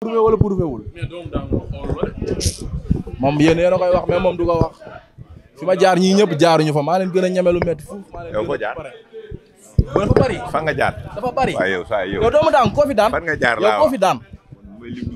prouvé wala prouvé wul. moom yéen yéen a koy wax mais moom du ko wax. fi ma jaar ñii ñëpp jaaruñu fa maa leen gën a ñeme lu métti fuuf. yow foo jaar yow dafa bari. fan nga jaar. dafa bari waaw yow saa yow. yow doomu daan koo nga jaar laa yow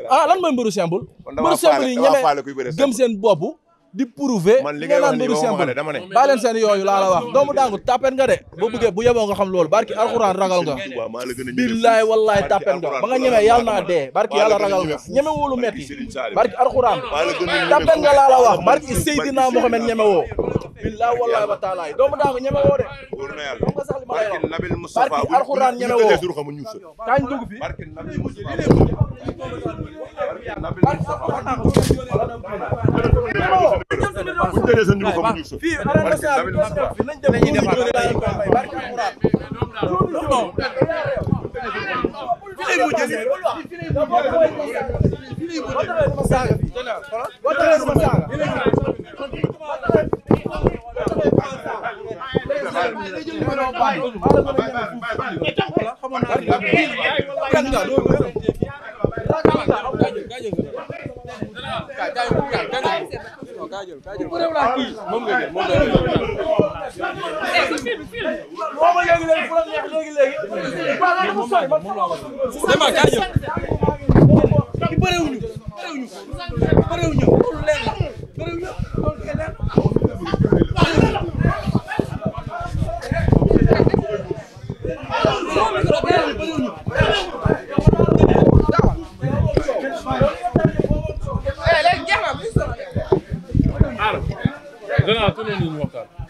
ah lan mooy mbëru simple mbëru simple yi ñeme gëm seen di prouver nga naan mbëru simple baa leen yooyu laa la wax doomu daangu tapet nga de boo bëggee bu yeboo nga xam loolu barki alxuraan ragal nga billaay wallaay tapet nga ba nga ñemee yàlla dee barki yàlla ragal nga ñeme woolu metti barki alxuraan tapet nga laa la wax barki Seydina Mohamed ñeme woo billaay wallaay wa taala yi doomu daangu ñeme woo de wóor na yàlla nga sax li ma lay wax nabil Mustafa barki alxuraan ñeme woo kañ dugg fi barki nabil Mustafa buñ tëddee sa ñu xam ñu fii arène nationale bi toog fi nañ dem ñu jóge daal ko bay barki alxuraan fi lay mujjee fi lay mujjee fi lay mujjee léegi léegi Danaa tudd nañu waxtaan